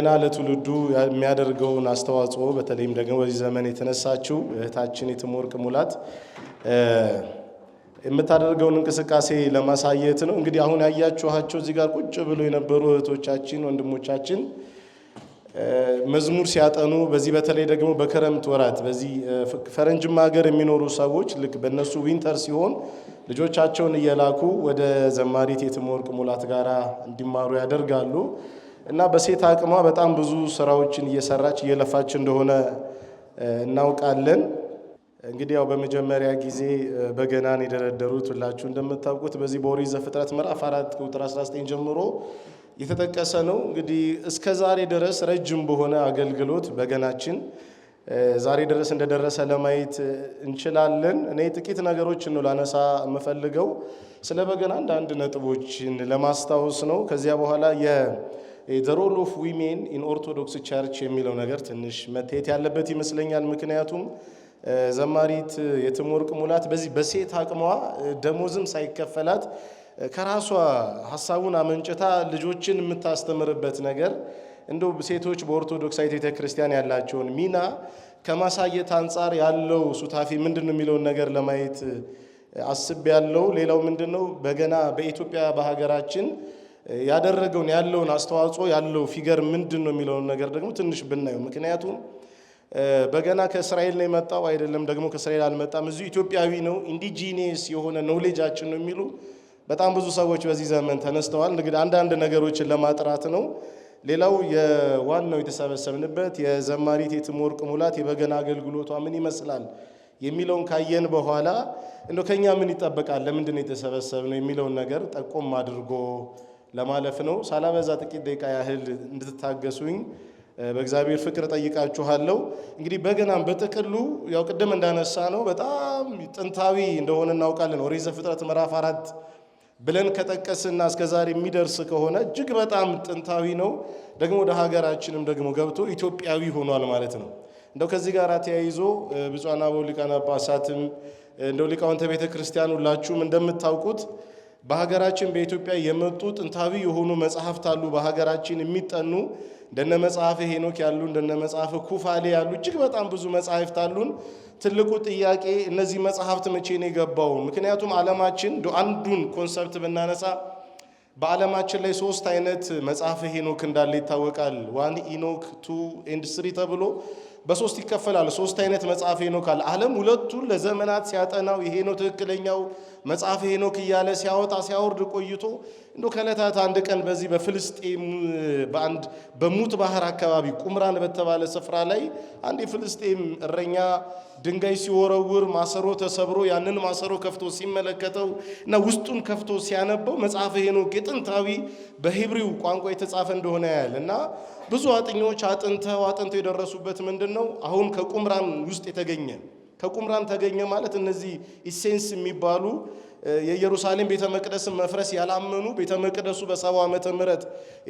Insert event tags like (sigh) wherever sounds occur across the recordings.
ገና ለትውልዱ የሚያደርገውን አስተዋጽኦ በተለይም ደግሞ በዚህ ዘመን የተነሳችው እህታችን የትምወርቅ ሙላት የምታደርገውን እንቅስቃሴ ለማሳየት ነው። እንግዲህ አሁን ያያችኋቸው እዚህ ጋር ቁጭ ብሎ የነበሩ እህቶቻችን፣ ወንድሞቻችን መዝሙር ሲያጠኑ በዚህ በተለይ ደግሞ በክረምት ወራት በዚህ ፈረንጅማ ሀገር የሚኖሩ ሰዎች ልክ በእነሱ ዊንተር ሲሆን ልጆቻቸውን እየላኩ ወደ ዘማሪት የትምወርቅ ሙላት ጋራ እንዲማሩ ያደርጋሉ። እና በሴት አቅሟ በጣም ብዙ ስራዎችን እየሰራች እየለፋች እንደሆነ እናውቃለን። እንግዲህ ያው በመጀመሪያ ጊዜ በገናን የደረደሩት ሁላችሁ እንደምታውቁት በዚህ በኦሪት ዘፍጥረት ምዕራፍ አራት ቁጥር 19 ጀምሮ የተጠቀሰ ነው። እንግዲህ እስከ ዛሬ ድረስ ረጅም በሆነ አገልግሎት በገናችን ዛሬ ድረስ እንደደረሰ ለማየት እንችላለን። እኔ ጥቂት ነገሮችን ነው ላነሳ የምፈልገው ስለ በገና አንዳንድ ነጥቦችን ለማስታወስ ነው። ከዚያ በኋላ ዘ ሮል ኦፍ ዊሜን ኢን ኦርቶዶክስ ቸርች የሚለው ነገር ትንሽ መታየት ያለበት ይመስለኛል። ምክንያቱም eh, ዘማሪት eh, የትምወርቅ ሙላት በዚህ በሴት አቅሟ eh, ደሞዝም ሳይከፈላት ከራሷ ሀሳቡን አመንጭታ ልጆችን የምታስተምርበት ነገር እንደው ሴቶች በኦርቶዶክሳዊት ቤተ ክርስቲያን ያላቸውን ሚና ከማሳየት አንጻር ያለው ሱታፊ ምንድን ነው የሚለውን ነገር ለማየት አስቤያለሁ። ሌላው ምንድን ነው በገና በኢትዮጵያ በሀገራችን ያደረገውን ያለውን አስተዋጽኦ ያለው ፊገር ምንድን ነው የሚለውን ነገር ደግሞ ትንሽ ብናየው፣ ምክንያቱም በገና ከእስራኤል ነው የመጣው አይደለም፣ ደግሞ ከእስራኤል አልመጣም፣ እዚሁ ኢትዮጵያዊ ነው፣ ኢንዲጂኒየስ የሆነ ኖሌጃችን ነው የሚሉ በጣም ብዙ ሰዎች በዚህ ዘመን ተነስተዋል። እንግዲህ አንዳንድ ነገሮችን ለማጥራት ነው። ሌላው የዋናው የተሰበሰብንበት የዘማሪት የትምወርቅ ሙላት የበገና አገልግሎቷ ምን ይመስላል የሚለውን ካየን በኋላ እንደው ከኛ ምን ይጠበቃል፣ ለምንድን ነው የተሰበሰብነው የሚለውን ነገር ጠቆም አድርጎ ለማለፍ ነው። ሳላበዛ ጥቂት ደቂቃ ያህል እንድትታገሱኝ በእግዚአብሔር ፍቅር ጠይቃችኋለሁ። እንግዲህ በገናም በጥቅሉ ያው ቅድም እንዳነሳ ነው በጣም ጥንታዊ እንደሆነ እናውቃለን። ኦሪት ዘፍጥረት ምዕራፍ አራት ብለን ከጠቀስና እስከ ዛሬ የሚደርስ ከሆነ እጅግ በጣም ጥንታዊ ነው። ደግሞ ወደ ሀገራችንም ደግሞ ገብቶ ኢትዮጵያዊ ሆኗል ማለት ነው። እንደው ከዚህ ጋር ተያይዞ ብፁዓን አበው ሊቃነ ጳጳሳትም እንደው ሊቃውንተ ቤተ ክርስቲያን ሁላችሁም እንደምታውቁት በሀገራችን በኢትዮጵያ የመጡ ጥንታዊ የሆኑ መጽሐፍት አሉ። በሀገራችን የሚጠኑ እንደነ መጽሐፈ ሄኖክ ያሉ እንደነ መጽሐፈ ኩፋሌ ያሉ እጅግ በጣም ብዙ መጽሐፍት አሉን። ትልቁ ጥያቄ እነዚህ መጽሐፍት መቼ ነው የገባው? ምክንያቱም ዓለማችን አንዱን ኮንሰፕት ብናነሳ በዓለማችን ላይ ሶስት አይነት መጽሐፈ ሄኖክ እንዳለ ይታወቃል። ዋን ኢኖክ ቱ ኤንድ ስሪ ተብሎ በሶስት ይከፈላል። ሶስት አይነት መጽሐፍ ሄኖክ አለ። ዓለም ሁለቱን ለዘመናት ሲያጠናው ይሄ ነው ትክክለኛው መጽሐፍ ሄኖክ እያለ ሲያወጣ ሲያወርድ ቆይቶ እንዶ ከዕለታት አንድ ቀን በዚህ በፍልስጤም በአንድ በሙት ባህር አካባቢ ቁምራን በተባለ ስፍራ ላይ አንድ የፍልስጤም እረኛ ድንጋይ ሲወረውር ማሰሮ ተሰብሮ ያንን ማሰሮ ከፍቶ ሲመለከተው እና ውስጡን ከፍቶ ሲያነበው መጽሐፈ ሄኖክ የጥንታዊ በሂብሪው ቋንቋ የተጻፈ እንደሆነ ያያል እና ብዙ አጥኞች አጥንተው አጥንተው የደረሱበት ምንድን ነው አሁን ከቁምራን ውስጥ የተገኘ ከቁምራን ተገኘ ማለት እነዚህ ኢሴንስ የሚባሉ የኢየሩሳሌም ቤተ መቅደስን መፍረስ ያላመኑ ቤተ መቅደሱ በሰባው ዓመተ ምህረት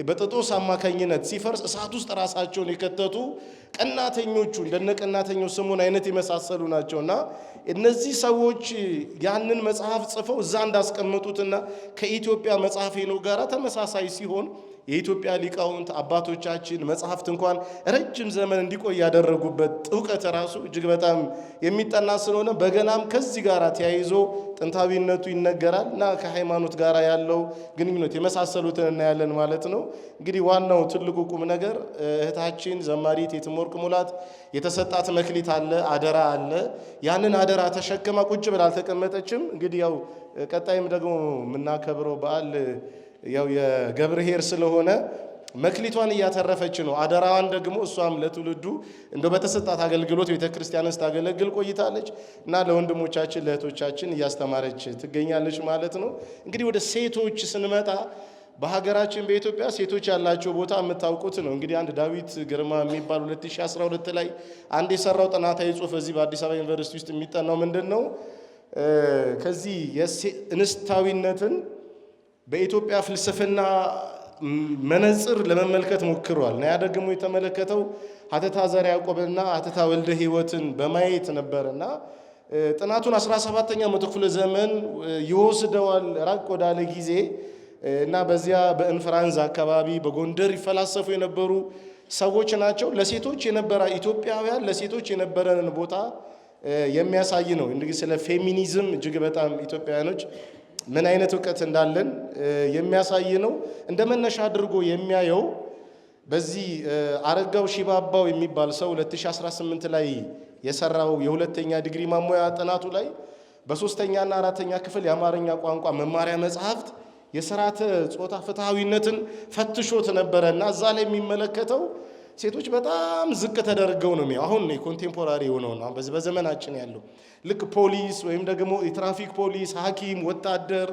በጥጦስ አማካኝነት ሲፈርስ እሳት ውስጥ ራሳቸውን የከተቱ ቀናተኞቹ እንደነ ቀናተኛው ስምዖን አይነት የመሳሰሉ ናቸውና እነዚህ ሰዎች ያንን መጽሐፍ ጽፈው እዛ እንዳስቀመጡትና ከኢትዮጵያ መጽሐፍ ሄኖክ ጋር ተመሳሳይ ሲሆን የኢትዮጵያ ሊቃውንት አባቶቻችን መጽሐፍት እንኳን ረጅም ዘመን እንዲቆይ ያደረጉበት ጥውቀት ራሱ እጅግ በጣም የሚጠና ስለሆነ በገናም ከዚህ ጋር ተያይዞ ጥንታዊነቱ ይነገራል እና ከሃይማኖት ጋር ያለው ግንኙነት የመሳሰሉትን እናያለን ማለት ነው። እንግዲህ ዋናው ትልቁ ቁም ነገር እህታችን ዘማሪት የትምወርቅ ሙላት የተሰጣት መክሊት አለ፣ አደራ አለ። ያንን አደራ ተሸክማ ቁጭ ብላ አልተቀመጠችም። እንግዲህ ያው ቀጣይም ደግሞ የምናከብረው በዓል ያው የገብርሄር ስለሆነ መክሊቷን እያተረፈች ነው። አደራዋን ደግሞ እሷም ለትውልዱ እንደ በተሰጣት አገልግሎት ቤተ ክርስቲያንን ስታገለግል ቆይታለች እና ለወንድሞቻችን ለእህቶቻችን እያስተማረች ትገኛለች ማለት ነው። እንግዲህ ወደ ሴቶች ስንመጣ በሀገራችን በኢትዮጵያ ሴቶች ያላቸው ቦታ የምታውቁት ነው። እንግዲህ አንድ ዳዊት ግርማ የሚባል 2012 ላይ አንድ የሰራው ጥናታዊ ጽሑፍ እዚህ በአዲስ አበባ ዩኒቨርሲቲ ውስጥ የሚጠናው ምንድን ነው ከዚህ እንስታዊነትን በኢትዮጵያ ፍልስፍና መነጽር ለመመልከት ሞክሯል እና ያ ደግሞ የተመለከተው ሀተታ ዘር ያዕቆብና ሀተታ ወልደ ህይወትን በማየት ነበርና ጥናቱን 17ኛ መቶ ክፍለ ዘመን ይወስደዋል ራቅ ወዳለ ጊዜ እና በዚያ በእንፍራንዝ አካባቢ በጎንደር ይፈላሰፉ የነበሩ ሰዎች ናቸው። ለሴቶች የነበረ ኢትዮጵያውያን ለሴቶች የነበረንን ቦታ የሚያሳይ ነው። እንግዲህ ስለ ፌሚኒዝም እጅግ በጣም ኢትዮጵያውያኖች ምን አይነት እውቀት እንዳለን የሚያሳይ ነው። እንደ መነሻ አድርጎ የሚያየው በዚህ አረጋው ሺባባው የሚባል ሰው 2018 ላይ የሰራው የሁለተኛ ዲግሪ ማሞያ ጥናቱ ላይ በሶስተኛና አራተኛ ክፍል የአማርኛ ቋንቋ መማሪያ መጽሐፍት የስርዓተ ጾታ ፍትሐዊነትን ፈትሾት ነበረ እና እዛ ላይ የሚመለከተው ሴቶች በጣም ዝቅ ተደርገው ነው የሚያው አሁን ኮንቴምፖራሪ የሆነውና በዚህ በዘመናችን ያለው ልክ ፖሊስ ወይም ደግሞ የትራፊክ ፖሊስ፣ ሐኪም፣ ወታደር፣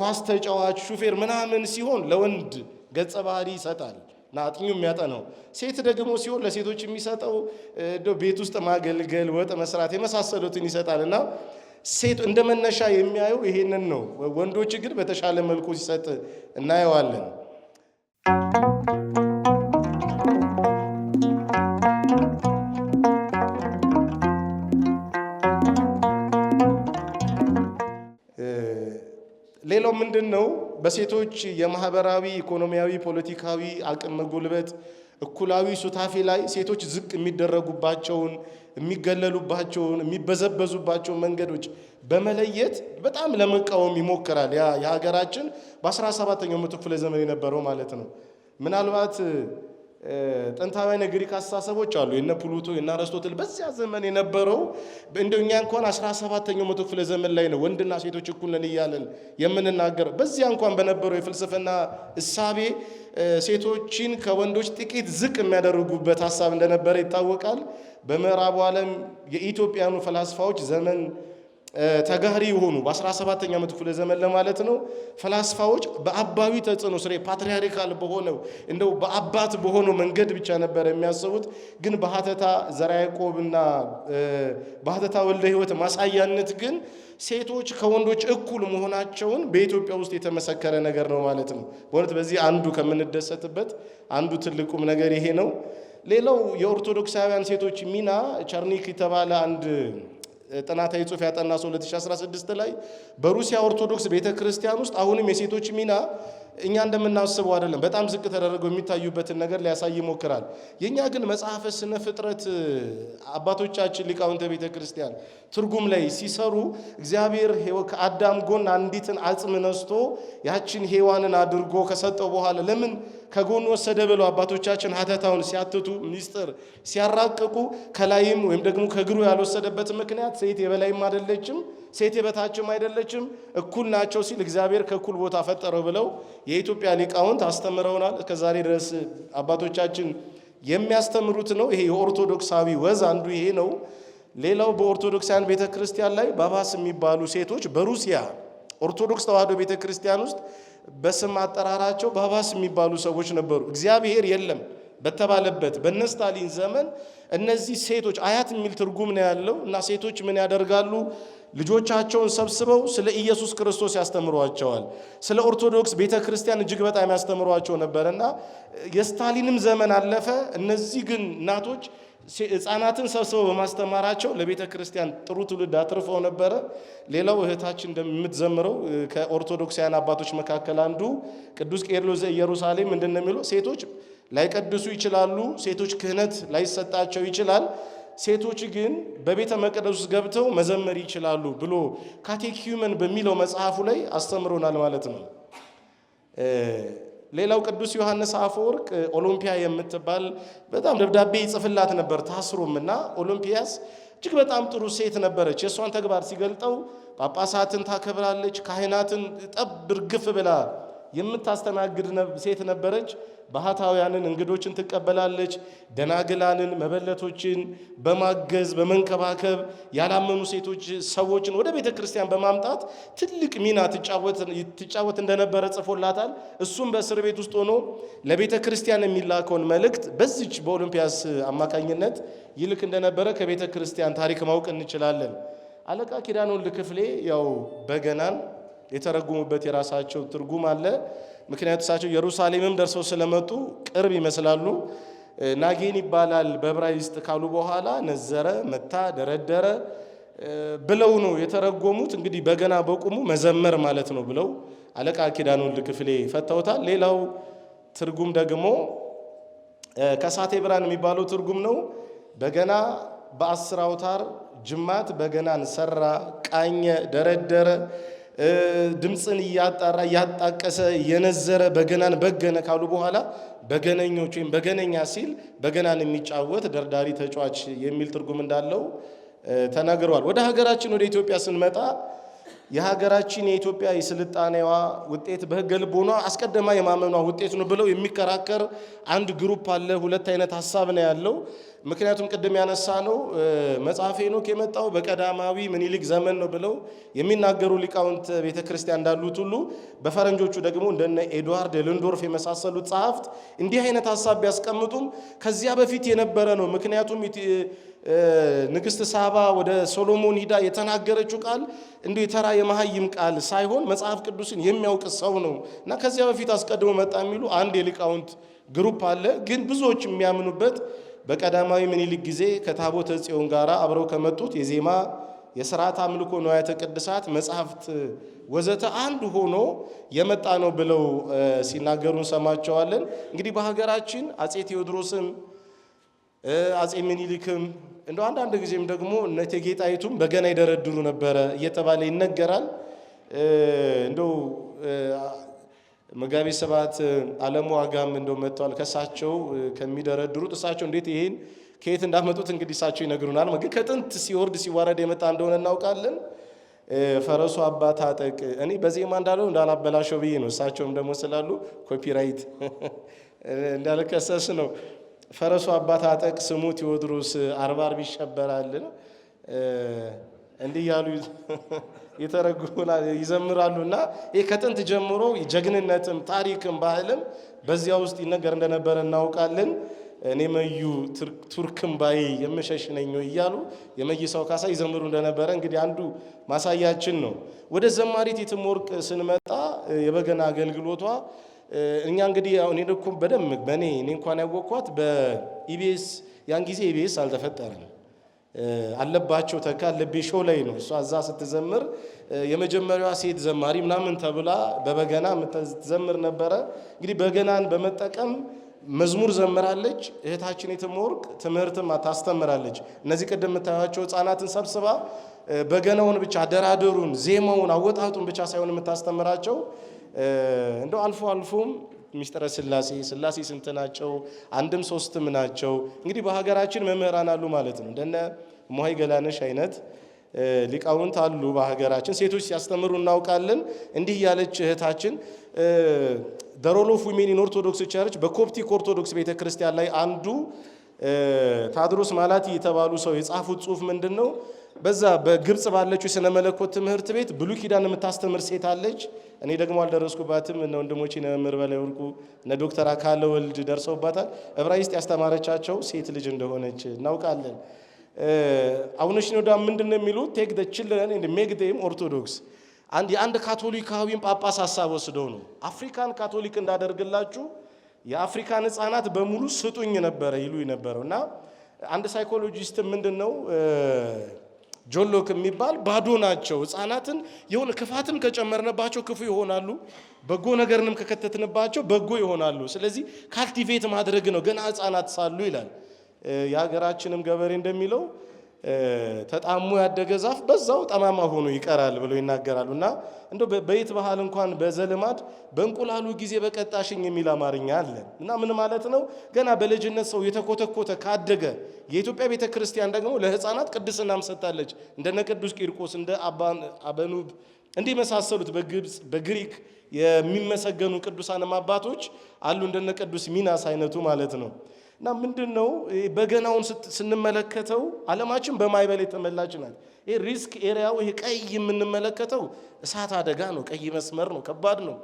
ኳስ ተጫዋች፣ ሹፌር ምናምን ሲሆን ለወንድ ገጸ ባህሪ ይሰጣል እና አጥኙ የሚያጠነው ሴት ደግሞ ሲሆን ለሴቶች የሚሰጠው ቤት ውስጥ ማገልገል፣ ወጥ መስራት የመሳሰሉትን ይሰጣል እና ሴት እንደ መነሻ የሚያየው ይሄንን ነው። ወንዶች ግን በተሻለ መልኩ ሲሰጥ እናየዋለን። ምንድን ነው? በሴቶች የማህበራዊ ኢኮኖሚያዊ፣ ፖለቲካዊ አቅም መጎልበት፣ እኩላዊ ሱታፌ ላይ ሴቶች ዝቅ የሚደረጉባቸውን፣ የሚገለሉባቸውን፣ የሚበዘበዙባቸውን መንገዶች በመለየት በጣም ለመቃወም ይሞክራል። ያ የሀገራችን በ17ኛው መቶ ክፍለ ዘመን የነበረው ማለት ነው ምናልባት ጥንታውያን የግሪክ አስተሳሰቦች አሉ። የነ ፕሉቶ የነ አርስቶትል በዚያ ዘመን የነበረው እንደኛ እንኳን 17ኛው መቶ ክፍለ ዘመን ላይ ነው ወንድና ሴቶች እኩል ነን እያለን የምንናገረው። በዚያ እንኳን በነበረው የፍልስፍና እሳቤ ሴቶችን ከወንዶች ጥቂት ዝቅ የሚያደርጉበት ሀሳብ እንደነበረ ይታወቃል። በምዕራቡ ዓለም የኢትዮጵያኑ ፈላስፋዎች ዘመን ተጋሪ የሆኑ በ17ኛ ዓመት ክፍለ ዘመን ለማለት ነው ፈላስፋዎች በአባዊ ተጽዕኖ ስር ፓትሪያርካል በሆነው እንደው በአባት በሆነው መንገድ ብቻ ነበር የሚያስቡት። ግን በሀተታ ዘርዓ ያዕቆብና በሀተታ ወልደ ሕይወት ማሳያነት ግን ሴቶች ከወንዶች እኩል መሆናቸውን በኢትዮጵያ ውስጥ የተመሰከረ ነገር ነው ማለት ነው። በእውነት በዚህ አንዱ ከምንደሰትበት አንዱ ትልቁም ነገር ይሄ ነው። ሌላው የኦርቶዶክሳውያን ሴቶች ሚና ቸርኒክ የተባለ አንድ ጥናታዊ ጽሑፍ ያጠና ሰው 2016 ላይ በሩሲያ ኦርቶዶክስ ቤተ ክርስቲያን ውስጥ አሁንም የሴቶች ሚና እኛ እንደምናስበው አይደለም፣ በጣም ዝቅ ተደረገው የሚታዩበትን ነገር ሊያሳይ ይሞክራል። የእኛ ግን መጽሐፈ ስነ ፍጥረት አባቶቻችን ሊቃውንተ ቤተ ክርስቲያን ትርጉም ላይ ሲሰሩ እግዚአብሔር ከአዳም ጎን አንዲትን አጽም ነስቶ ያችን ሔዋንን አድርጎ ከሰጠው በኋላ ለምን ከጎን ወሰደ ብለው አባቶቻችን ሀተታውን ሲያትቱ ሚስጥር ሲያራቅቁ ከላይም ወይም ደግሞ ከግሩ ያልወሰደበት ምክንያት ሴት የበላይም አይደለችም፣ ሴት የበታችም አይደለችም፣ እኩል ናቸው ሲል እግዚአብሔር ከእኩል ቦታ ፈጠረው ብለው የኢትዮጵያ ሊቃውንት አስተምረውናል። እስከዛሬ ድረስ አባቶቻችን የሚያስተምሩት ነው። ይሄ የኦርቶዶክሳዊ ወዝ አንዱ ይሄ ነው። ሌላው በኦርቶዶክሳውያን ቤተ ክርስቲያን ላይ ባባስ የሚባሉ ሴቶች በሩሲያ ኦርቶዶክስ ተዋህዶ ቤተ ክርስቲያን ውስጥ በስም አጠራራቸው ባባስ የሚባሉ ሰዎች ነበሩ። እግዚአብሔር የለም በተባለበት በነስታሊን ዘመን እነዚህ ሴቶች አያት የሚል ትርጉም ነው ያለው እና ሴቶች ምን ያደርጋሉ? ልጆቻቸውን ሰብስበው ስለ ኢየሱስ ክርስቶስ ያስተምሯቸዋል። ስለ ኦርቶዶክስ ቤተ ክርስቲያን እጅግ በጣም ያስተምሯቸው ነበርና የስታሊንም ዘመን አለፈ። እነዚህ ግን እናቶች ህፃናትን ሰብስበው በማስተማራቸው ለቤተ ክርስቲያን ጥሩ ትውልድ አትርፈው ነበረ። ሌላው እህታችን እንደምትዘምረው ከኦርቶዶክሳውያን አባቶች መካከል አንዱ ቅዱስ ቄርሎስ ዘኢየሩሳሌም ምንድን ነው የሚለው? ሴቶች ላይቀድሱ ይችላሉ። ሴቶች ክህነት ላይሰጣቸው ይችላል። ሴቶች ግን በቤተ መቅደስ ውስጥ ገብተው መዘመር ይችላሉ ብሎ ካቴኪዩመን በሚለው መጽሐፉ ላይ አስተምሮናል ማለት ነው። ሌላው ቅዱስ ዮሐንስ አፈወርቅ ኦሎምፒያ የምትባል በጣም ደብዳቤ ይጽፍላት ነበር ታስሮም እና ኦሎምፒያስ እጅግ በጣም ጥሩ ሴት ነበረች። የእሷን ተግባር ሲገልጠው ጳጳሳትን ታከብራለች፣ ካህናትን ጠብ እርግፍ ብላ የምታስተናግድ ሴት ነበረች። ባህታውያንን፣ እንግዶችን ትቀበላለች። ደናግላንን፣ መበለቶችን በማገዝ በመንከባከብ ያላመኑ ሴቶች ሰዎችን ወደ ቤተ ክርስቲያን በማምጣት ትልቅ ሚና ትጫወት እንደነበረ ጽፎላታል። እሱም በእስር ቤት ውስጥ ሆኖ ለቤተ ክርስቲያን የሚላከውን መልእክት በዚች በኦሎምፒያስ አማካኝነት ይልክ እንደነበረ ከቤተ ክርስቲያን ታሪክ ማወቅ እንችላለን። አለቃ ኪዳነ ወልድ ክፍሌ ያው በገናን የተረጉሙበት የራሳቸው ትርጉም አለ። ምክንያቱ እሳቸው ኢየሩሳሌምም ደርሰው ስለመጡ ቅርብ ይመስላሉ። ናጌን ይባላል በዕብራይስጥ ካሉ በኋላ ነዘረ፣ መታ፣ ደረደረ ብለው ነው የተረጎሙት። እንግዲህ በገና በቁሙ መዘመር ማለት ነው ብለው አለቃ ኪዳነ ወልድ ክፍሌ ፈተውታል። ሌላው ትርጉም ደግሞ ከሳቴ ብርሃን የሚባለው ትርጉም ነው። በገና በአስር አውታር ጅማት በገናን ሰራ፣ ቃኘ፣ ደረደረ ድምፅን እያጣራ እያጣቀሰ የነዘረ በገናን በገነ ካሉ በኋላ በገነኞች ወይም በገነኛ ሲል በገናን የሚጫወት ደርዳሪ ተጫዋች የሚል ትርጉም እንዳለው ተናግረዋል። ወደ ሀገራችን ወደ ኢትዮጵያ ስንመጣ የሀገራችን የኢትዮጵያ የስልጣኔዋ ውጤት በህገ ልቦኗ አስቀድማ የማመኗ ውጤት ነው ብለው የሚከራከር አንድ ግሩፕ አለ። ሁለት አይነት ሀሳብ ነው ያለው። ምክንያቱም ቅድም ያነሳ ነው መጽሐፍ ሄኖክ የመጣው በቀዳማዊ ምኒልክ ዘመን ነው ብለው የሚናገሩ ሊቃውንት ቤተ ክርስቲያን እንዳሉት ሁሉ በፈረንጆቹ ደግሞ እንደነ ኤድዋርድ ልንዶርፍ የመሳሰሉት ጸሐፍት እንዲህ አይነት ሀሳብ ቢያስቀምጡም ከዚያ በፊት የነበረ ነው። ምክንያቱም ንግስት ሳባ ወደ ሶሎሞን ሂዳ የተናገረችው ቃል እንዲሁ የተራ የመሀይም ቃል ሳይሆን መጽሐፍ ቅዱስን የሚያውቅ ሰው ነው እና ከዚያ በፊት አስቀድሞ መጣ የሚሉ አንድ የሊቃውንት ግሩፕ አለ። ግን ብዙዎች የሚያምኑበት በቀዳማዊ ምኒልክ ጊዜ ከታቦተ ጽዮን ጋር አብረው ከመጡት የዜማ የስርዓት አምልኮ ንዋያተ ቅድሳት መጽሐፍት ወዘተ አንድ ሆኖ የመጣ ነው ብለው ሲናገሩ እንሰማቸዋለን። እንግዲህ በሀገራችን አጼ ቴዎድሮስም አጼ ምኒልክም እንደ አንዳንድ ጊዜም ደግሞ እነ እቴጌ ጣይቱም በገና ይደረድሩ ነበረ እየተባለ ይነገራል። እንደው መጋቢ ሰባት አለሙ አጋም እንደው መጥተዋል። ከሳቸው ከሚደረድሩት እሳቸው እንዴት ይሄን ከየት እንዳመጡት እንግዲህ እሳቸው ይነግሩናል። ግን ከጥንት ሲወርድ ሲዋረድ የመጣ እንደሆነ እናውቃለን። ፈረሱ አባ ታጠቅ እኔ በዜማ እንዳለው እንዳላበላሸው ብዬ ነው። እሳቸውም ደግሞ ስላሉ ኮፒራይት (laughs) እንዳልከሰስ ነው። ፈረሱ አባ ታጠቅ ስሙ ቴዎድሮስ አርባ አርብ ይሸበራልን እንዲህ እያሉ (laughs) ይተረጉሙናል ይዘምራሉ። እና ይህ ከጥንት ጀምሮ ጀግንነትም ታሪክም ባህልም በዚያ ውስጥ ይነገር እንደነበረ እናውቃለን። እኔ መዩ ቱርክም ባይ የምሸሽነኝ እያሉ የመይሳው ካሳ ይዘምሩ እንደነበረ እንግዲህ አንዱ ማሳያችን ነው። ወደ ዘማሪት የትምወርቅ ስንመጣ የበገና አገልግሎቷ እኛ እንግዲህ እኔ እኮ በደምብ በእኔ እኔ እንኳን ያወቅኳት በኢቢኤስ ያን ጊዜ ኢቢኤስ አልተፈጠረም አለባቸው ተካ አለቤ ሾው ላይ ነው እሷ እዛ ስትዘምር የመጀመሪያዋ ሴት ዘማሪ ምናምን ተብላ በበገና ስትዘምር ነበረ። እንግዲህ በገናን በመጠቀም መዝሙር ዘምራለች። እህታችን የተመወርቅ ትምህርትም ታስተምራለች። እነዚህ ቅድም የምታዩቸው ህፃናትን ሰብስባ በገናውን ብቻ አደራደሩን፣ ዜማውን፣ አወጣጡን ብቻ ሳይሆን የምታስተምራቸው እንደው አልፎ አልፎም ሚስጥረ ስላሴ ስላሴ ስንት ናቸው? አንድም ሶስትም ናቸው። እንግዲህ በሀገራችን መምህራን አሉ ማለት ነው። እንደነ ሞሀይ ገላነሽ አይነት ሊቃውንት አሉ በሀገራችን። ሴቶች ሲያስተምሩ እናውቃለን። እንዲህ ያለች እህታችን ደሮሎፍ ዊሜን ኢን ኦርቶዶክስ ቸርች በኮፕቲክ ኦርቶዶክስ ቤተ ክርስቲያን ላይ አንዱ ታድሮስ ማላቲ የተባሉ ሰው የጻፉት ጽሁፍ ምንድን ነው? በዛ በግብጽ ባለችው ስነ መለኮት ትምህርት ቤት ብሉይ ኪዳን የምታስተምር ሴት አለች። እኔ ደግሞ አልደረስኩባትም። እነ ወንድሞቼ እነ መምህር በላይ ወርቁ እነ ዶክተር አካለ ወልድ ደርሰውባታል። ዕብራይስጥ ያስተማረቻቸው ሴት ልጅ እንደሆነች እናውቃለን። አቡነ ሽኖዳ ምንድን ነው የሚሉት? ቴክ ደ ችልድረን ኤንድ ሜክ ዴም ኦርቶዶክስ። አንድ የአንድ ካቶሊካዊን ጳጳስ ሀሳብ ወስደው ነው አፍሪካን ካቶሊክ እንዳደርግላችሁ የአፍሪካን ህጻናት በሙሉ ስጡኝ ነበረ ይሉ ነበረው እና አንድ ሳይኮሎጂስት ምንድን ነው ጆሎክ የሚባል ባዶ ናቸው። ህፃናትን የሆነ ክፋትን ከጨመርንባቸው ክፉ ይሆናሉ፣ በጎ ነገርንም ከከተትንባቸው በጎ ይሆናሉ። ስለዚህ ካልቲቬት ማድረግ ነው ገና ህፃናት ሳሉ ይላል። የሀገራችንም ገበሬ እንደሚለው ተጣሞ ያደገ ዛፍ በዛው ጠማማ ሆኖ ይቀራል ብለው ይናገራሉ። እና እንደ በየት ባህል እንኳን በዘልማድ በእንቁላሉ ጊዜ በቀጣሽኝ የሚል አማርኛ አለ እና ምን ማለት ነው? ገና በልጅነት ሰው የተኮተኮተ ካደገ የኢትዮጵያ ቤተ ክርስቲያን ደግሞ ለሕፃናት ቅድስናም ሰጥታለች። እንደነ ቅዱስ ቂርቆስ እንደ አበኑብ እንዲህ መሳሰሉት በግብፅ በግሪክ የሚመሰገኑ ቅዱሳንም አባቶች አሉ እንደነ ቅዱስ ሚናስ አይነቱ ማለት ነው። እና ምንድን ነው በገናውን ስንመለከተው አለማችን በማይበል የተመላች ናት። ይህ ሪስክ ኤሪያው ይሄ ቀይ የምንመለከተው እሳት አደጋ ነው። ቀይ መስመር ነው። ከባድ ነው።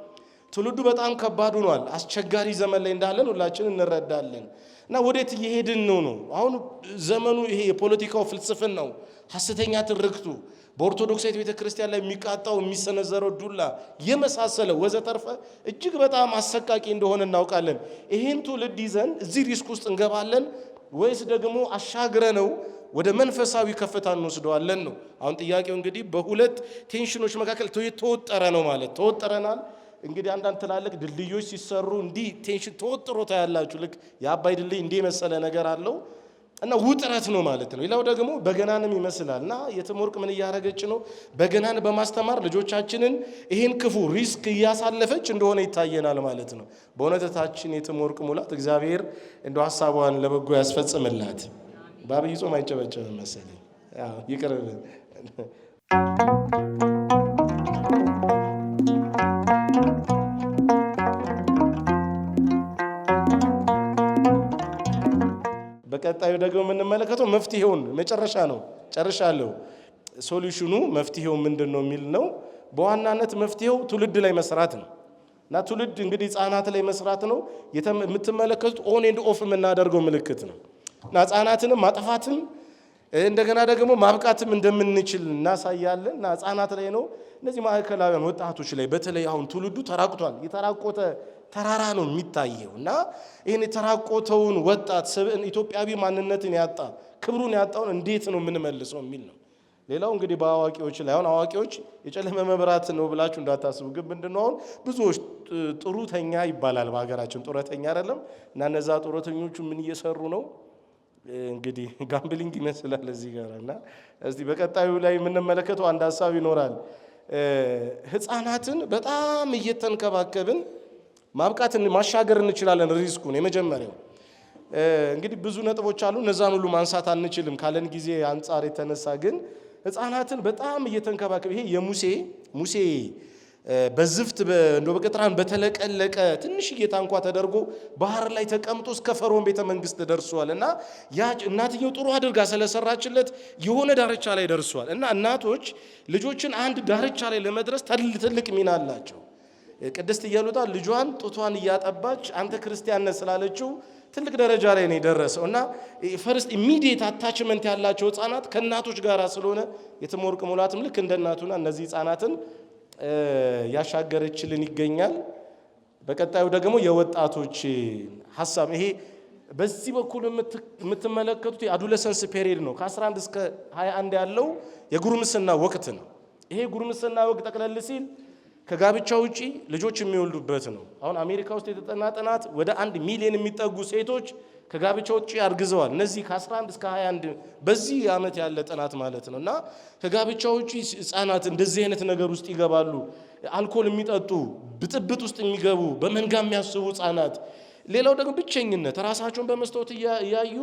ትውልዱ በጣም ከባድ ሆኗል። አስቸጋሪ ዘመን ላይ እንዳለን ሁላችን እንረዳለን። እና ወዴት እየሄድን ነው ነው አሁን ዘመኑ ይሄ የፖለቲካው ፍልስፍን ነው ሀሰተኛ ትርክቱ በኦርቶዶክሳዊት ቤተ ክርስቲያን ላይ የሚቃጣው የሚሰነዘረው ዱላ የመሳሰለ ወዘተርፈ እጅግ በጣም አሰቃቂ እንደሆነ እናውቃለን። ይህን ትውልድ ይዘን እዚህ ሪስክ ውስጥ እንገባለን ወይስ ደግሞ አሻግረ ነው ወደ መንፈሳዊ ከፍታ እንወስደዋለን ነው። አሁን ጥያቄው እንግዲህ በሁለት ቴንሽኖች መካከል የተወጠረ ነው ማለት ተወጠረናል። እንግዲህ አንዳንድ ትላልቅ ድልድዮች ሲሰሩ እንዲህ ቴንሽን ተወጥሮ ታያላችሁ። ልክ የአባይ ድልድይ እንዲህ የመሰለ ነገር አለው። እና ውጥረት ነው ማለት ነው። ሌላው ደግሞ በገናንም ይመስላል እና የትምወርቅ ምን እያደረገች ነው? በገናን በማስተማር ልጆቻችንን ይህን ክፉ ሪስክ እያሳለፈች እንደሆነ ይታየናል ማለት ነው። በእውነተታችን የትምወርቅ ሙላት እግዚአብሔር እንደ ሀሳቧን ለበጎ ያስፈጽምላት። በአብይ ጾም አይጨበጨብም መሰለኝ ይቅር ቀጣዩ ደግሞ የምንመለከተው መፍትሄውን መጨረሻ ነው። ጨርሻለሁ። ሶሉሽኑ መፍትሄው ምንድን ነው የሚል ነው። በዋናነት መፍትሄው ትውልድ ላይ መስራት ነው እና ትውልድ እንግዲህ ህጻናት ላይ መስራት ነው። የምትመለከቱት ኦን ኤንድ ኦፍ የምናደርገው ምልክት ነው እና ህጻናትንም ማጥፋትም እንደገና ደግሞ ማብቃትም እንደምንችል እናሳያለን እና ህጻናት ላይ ነው። እነዚህ ማዕከላውያን ወጣቶች ላይ በተለይ አሁን ትውልዱ ተራቁቷል። የተራቆተ ተራራ ነው የሚታየው እና ይህን የተራቆተውን ወጣት ኢትዮጵያዊ ማንነትን ያጣ ክብሩን ያጣውን እንዴት ነው የምንመልሰው የሚል ነው። ሌላው እንግዲህ በአዋቂዎች ላይ አሁን አዋቂዎች የጨለመ መብራት ነው ብላችሁ እንዳታስቡ። ግን ምንድነው አሁን ብዙዎች ጥሩተኛ ይባላል በሀገራችን ጡረተኛ አይደለም እና እነዛ ጡረተኞቹ ምን እየሰሩ ነው? እንግዲህ (laughs) ጋምብሊንግ ይመስላል እዚህ ጋር እና እስቲ በቀጣዩ ላይ የምንመለከተው አንድ ሀሳብ ይኖራል። ህፃናትን በጣም እየተንከባከብን ማብቃት ማሻገር እንችላለን። ሪስኩን የመጀመሪያው እንግዲህ ብዙ ነጥቦች አሉ። እነዛን ሁሉ ማንሳት አንችልም ካለን ጊዜ አንጻር የተነሳ ግን ህፃናትን በጣም እየተንከባከብ ይሄ የሙሴ ሙሴ በዝፍት እንደ በቅጥራን በተለቀለቀ ትንሽዬ ታንኳ ተደርጎ ባህር ላይ ተቀምጦ እስከ ፈርዖን ቤተ መንግስት ደርሷል እና ያ እናትየው ጥሩ አድርጋ ስለሰራችለት የሆነ ዳርቻ ላይ ደርሷል እና እናቶች ልጆችን አንድ ዳርቻ ላይ ለመድረስ ትልቅ ሚና አላቸው። ቅድስት እየሉጣ ልጇን ጡቷን እያጠባች አንተ ክርስቲያን ነህ ስላለችው ትልቅ ደረጃ ላይ ነው የደረሰው እና ፈርስት ኢሚዲየት አታችመንት ያላቸው ህጻናት ከእናቶች ጋር ስለሆነ የትም ሙላትም ልክ እንደ እናቱና እነዚህ ህጻናትን ያሻገረችልን ይገኛል። በቀጣዩ ደግሞ የወጣቶች ሀሳብ ይሄ በዚህ በኩል የምትመለከቱት የአዱለሰንስ ፔሪድ ነው። ከ11 እስከ 21 ያለው የጉርምስና ወቅት ነው። ይሄ ጉርምስና ወቅት ጠቅለል ሲል ከጋብቻ ውጪ ልጆች የሚወልዱበት ነው። አሁን አሜሪካ ውስጥ የተጠና ጥናት ወደ አንድ ሚሊዮን የሚጠጉ ሴቶች ከጋብቻ ውጭ አርግዘዋል። እነዚህ ከ11 እስከ 21 በዚህ ዓመት ያለ ጥናት ማለት ነው። እና ከጋብቻ ውጭ ህጻናት እንደዚህ አይነት ነገር ውስጥ ይገባሉ። አልኮል የሚጠጡ ብጥብጥ ውስጥ የሚገቡ በመንጋ የሚያስቡ ህጻናት፣ ሌላው ደግሞ ብቸኝነት፣ ራሳቸውን በመስታወት እያዩ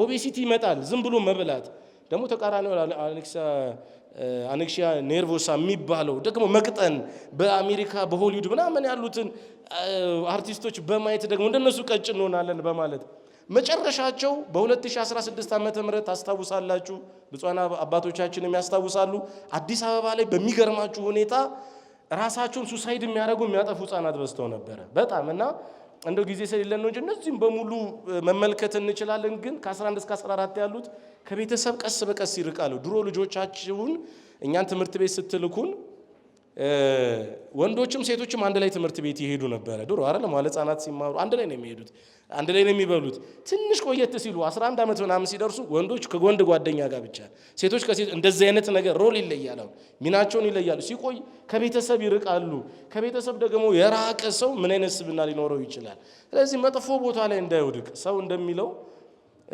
ኦቤሲቲ ይመጣል። ዝም ብሎ መብላት ደግሞ ተቃራኒ አኔክሲያ ኔርቮሳ የሚባለው ደግሞ መቅጠን በአሜሪካ በሆሊውድ ምናምን ያሉትን አርቲስቶች በማየት ደግሞ እንደነሱ ቀጭ እንሆናለን በማለት መጨረሻቸው በ2016 ዓ ም ታስታውሳላችሁ፣ ብፁዓን አባቶቻችንም ያስታውሳሉ። አዲስ አበባ ላይ በሚገርማችሁ ሁኔታ ራሳቸውን ሱሳይድ የሚያደርጉ የሚያጠፉ ህጻናት በዝተው ነበረ በጣም እና እንደው ጊዜ ስለሌለን ነው እንጂ እነዚህም በሙሉ መመልከት እንችላለን። ግን ከ11 እስከ 14 ያሉት ከቤተሰብ ቀስ በቀስ ይርቃሉ። ድሮ ልጆቻችሁን እኛን ትምህርት ቤት ስትልኩን ወንዶችም ሴቶችም አንድ ላይ ትምህርት ቤት ይሄዱ ነበረ ድሮ አይደለም። ዋለ ህጻናት ሲማሩ አንድ ላይ ነው የሚሄዱት፣ አንድ ላይ ነው የሚበሉት። ትንሽ ቆየት ሲሉ 11 ዓመት ምናምን ሲደርሱ ወንዶች ከወንድ ጓደኛ ጋር ብቻ፣ ሴቶች ከሴት እንደዚህ አይነት ነገር ሮል ይለያል፣ ሚናቸውን ይለያሉ። ሲቆይ ከቤተሰብ ይርቃሉ። ከቤተሰብ ደግሞ የራቀ ሰው ምን አይነት ስብና ሊኖረው ይችላል? ስለዚህ መጥፎ ቦታ ላይ እንዳይወድቅ ሰው እንደሚለው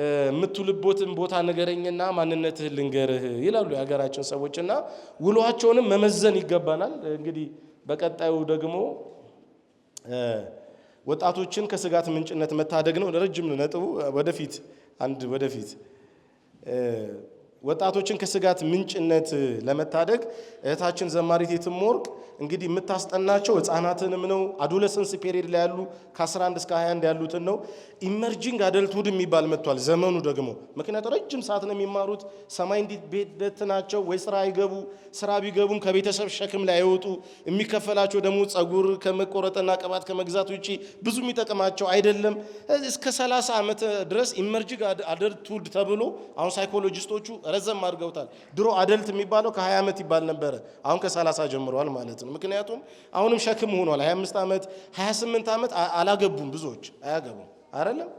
የምትውልቦትን ቦታ ንገረኝና ማንነትህ ልንገርህ ይላሉ የሀገራችን ሰዎች እና ውሏቸውንም መመዘን ይገባናል። እንግዲህ በቀጣዩ ደግሞ ወጣቶችን ከስጋት ምንጭነት መታደግ ነው። ረጅም ነጥቡ ወደፊት አንድ ወደፊት ወጣቶችን ከስጋት ምንጭነት ለመታደግ እህታችን ዘማሪት የትምወርቅ እንግዲህ የምታስጠናቸው ህፃናትንም ነው። አዶለሰንስ ፔሪድ ላይ ያሉ ከ11 እስከ 21 ያሉትን ነው። ኢመርጂንግ አደልትሁድ የሚባል መጥቷል ዘመኑ ደግሞ። ምክንያቱ ረጅም ሰዓት ነው የሚማሩት። ሰማይ እንዲት ናቸው ወይ ስራ አይገቡ፣ ስራ ቢገቡም ከቤተሰብ ሸክም ላይ አይወጡ። የሚከፈላቸው ደግሞ ጸጉር ከመቆረጥና ቅባት ከመግዛት ውጪ ብዙ የሚጠቅማቸው አይደለም። እስከ 30 ዓመት ድረስ ኢመርጂንግ አደልትሁድ ተብሎ አሁን ሳይኮሎጂስቶቹ ረዘም አድርገውታል። ድሮ አደልት የሚባለው ከ20 ዓመት ይባል ነበረ። አሁን ከ30 ጀምረዋል ማለት ነው። ምክንያቱም አሁንም ሸክም ሆኗል። 25 ዓመት 28 ዓመት አላገቡም። ብዙዎች አያገቡም አይደለም።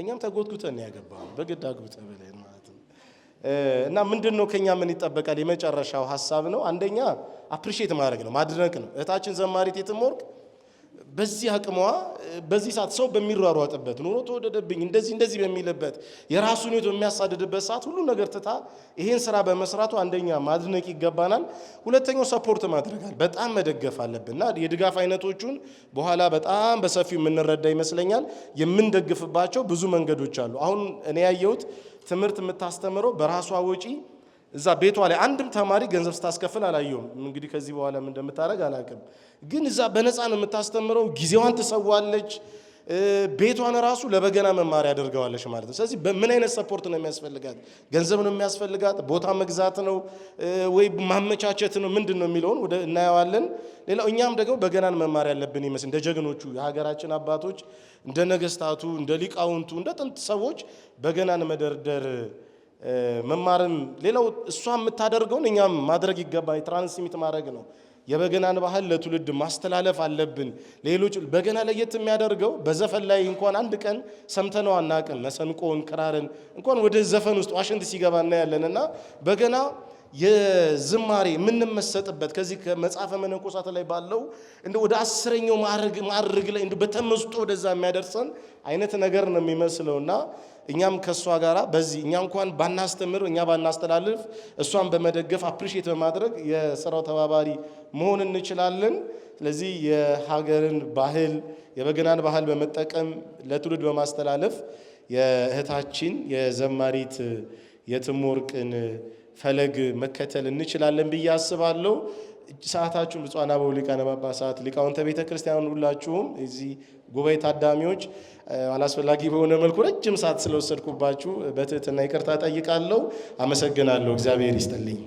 እኛም ተጎትጉተን ያገባው በግድ አግብተ ብለን ማለት ነው። እና ምንድን ነው ከኛ ምን ይጠበቃል? የመጨረሻው ሀሳብ ነው። አንደኛ አፕሪሼት ማድረግ ነው፣ ማድነቅ ነው። እህታችን ዘማሪት የትም ወርቅ በዚህ አቅሟ በዚህ ሰዓት ሰው በሚሯሯጥበት ኑሮ ተወደደብኝ እንደዚህ እንደዚህ በሚልበት የራሱን ሕይወት በሚያሳድድበት ሰዓት ሁሉ ነገር ትታ ይህን ስራ በመስራቱ አንደኛ ማድነቅ ይገባናል። ሁለተኛው ሰፖርት ማድረጋል በጣም መደገፍ አለብንና የድጋፍ አይነቶቹን በኋላ በጣም በሰፊው የምንረዳ ይመስለኛል። የምንደግፍባቸው ብዙ መንገዶች አሉ። አሁን እኔ ያየሁት ትምህርት የምታስተምረው በራሷ ወጪ እዛ ቤቷ ላይ አንድም ተማሪ ገንዘብ ስታስከፍል አላየውም። እንግዲህ ከዚህ በኋላ ምን እንደምታደርግ አላውቅም፣ ግን እዛ በነፃ ነው የምታስተምረው። ጊዜዋን ትሰዋለች። ቤቷን ራሱ ለበገና መማሪያ አድርገዋለች ማለት ነው። ስለዚህ በምን አይነት ሰፖርት ነው የሚያስፈልጋት? ገንዘብ ነው የሚያስፈልጋት? ቦታ መግዛት ነው ወይ ማመቻቸት ነው? ምንድን ነው የሚለውን ወደ እናየዋለን። ሌላው እኛም ደግሞ በገናን መማር ያለብን ይመስል እንደ ጀግኖቹ የሀገራችን አባቶች፣ እንደ ነገስታቱ፣ እንደ ሊቃውንቱ፣ እንደ ጥንት ሰዎች በገናን መደርደር መማርን ሌላው እሷ የምታደርገውን እኛም ማድረግ ይገባ የትራንስሚት ማድረግ ነው። የበገናን ባህል ለትውልድ ማስተላለፍ አለብን። ሌሎች በገና ለየት የሚያደርገው በዘፈን ላይ እንኳን አንድ ቀን ሰምተነው አናቅን። መሰንቆን፣ ክራርን እንኳን ወደ ዘፈን ውስጥ ዋሽንት ሲገባ እናያለን እና በገና የዝማሬ የምንመሰጥበት ከዚህ ከመጽሐፈ መነኮሳት ላይ ባለው እንደ ወደ አስረኛው ማዕርግ ላይ እንደ በተመስጦ ወደዛ የሚያደርሰን አይነት ነገር ነው የሚመስለውና እኛም ከእሷ ጋራ በዚህ እኛ እንኳን ባናስተምር እኛ ባናስተላልፍ እሷን በመደገፍ አፕሪሺየት በማድረግ የስራው ተባባሪ መሆን እንችላለን። ስለዚህ የሀገርን ባህል የበገናን ባህል በመጠቀም ለትውልድ በማስተላለፍ የእህታችን የዘማሪት የትምወርቅን ፈለግ መከተል እንችላለን ብዬ አስባለሁ። ሰዓታችሁን ብፁዓን አበው ሊቃነ ጳጳሳት፣ ሊቃውንተ ቤተ ክርስቲያን ሁላችሁም እዚህ ጉባኤ ታዳሚዎች አላስፈላጊ በሆነ መልኩ ረጅም ሰዓት ስለወሰድኩባችሁ በትህትና ይቅርታ ጠይቃለሁ። አመሰግናለሁ። እግዚአብሔር ይስጥልኝ።